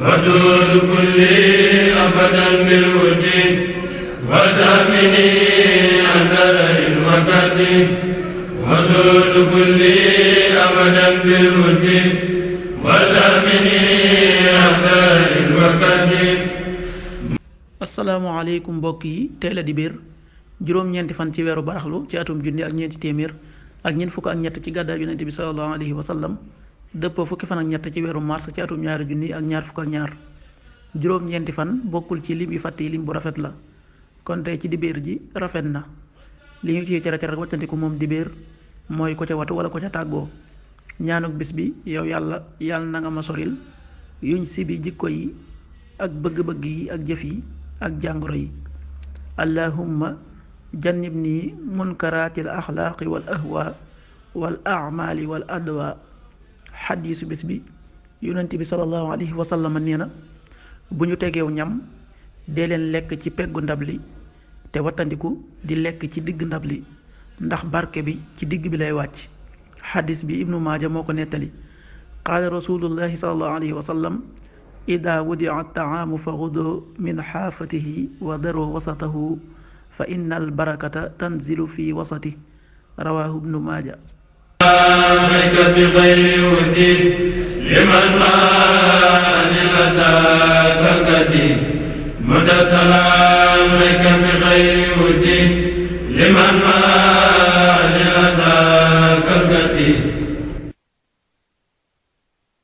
ودود كلي أبدا بالود ودامني أدر الوتد ودود كلي أبدا بالود ودامني أدر الوتد asalaamaaleykum mbokk yi tey la dibéer juróom-ñeenti fan ci weeru baraxlu ci atum junni ak ñeenti téeméer ak ñeent fukk ak ñett ci gàddaay yonente bi sallallahu alayhi wa dëppoo fukki fan ak ñett ci weeru mars ci atum ñaari junni ak ñaar fukk ak ñaar juróom-ñeenti fan bokkul ci lim yu fàtte yi lim bu rafet la kon tey ci dibéer ji rafet na li ñu ci cere cere wàccandiku moom dibéer mooy ko ca watu wala ko ca tàggoo ñaanuk bis bi yow yàlla yàlla na nga ma soril yuñ sibi jikko yi ak bëgg-bëgg yi ak jëf yi ak jàngoro yi allahumma jannib nii munkaraatil axlaaqi wal ahwa wal amaali wal adwa xadiisu bis bi yonent bi sallallahu alayhi wa sallam bu ñu tegeew ñam dee leen lekk ci peggu ndab li te wattandiku di lekk ci diggu ndab li ndax barke bi ci digg bi lay wàcc xadis bi ibnu maaja moo ko nettali qaala rasulullahi salallahu alayhi wa sallam ida wudia taamu fa xudo min xaafatihi wa daro wasatahu fa inna albarakata tanzilu fi wasati rawaahu ibnu maaja بغير ودي لمن ما لغزاك قدي مدى سلامك بغير ودي لمن ما لغزاك قدي